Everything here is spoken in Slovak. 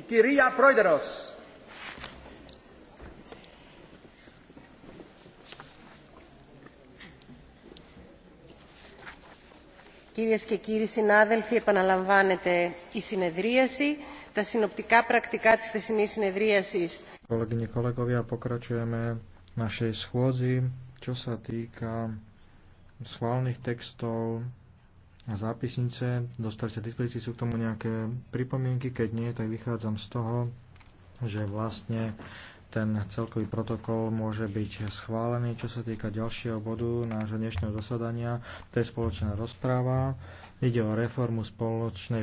Κυρίες και κύριοι συνάδελφοι, επαναλαμβάνεται η συνεδρίαση. Τα συνοπτικά πρακτικά της θεσινής συνεδρίασης. Kolegyne, kolegovia, αποκρατσουέμε να σε čo sa τίκα, σχόλνιχ τέξτο, zápisnice, dostali sa dispozícii, sú k tomu nejaké pripomienky, keď nie, tak vychádzam z toho, že vlastne ten celkový protokol môže byť schválený. Čo sa týka ďalšieho bodu nášho dnešného zasadania, to je spoločná rozpráva. Ide o reformu spoločnej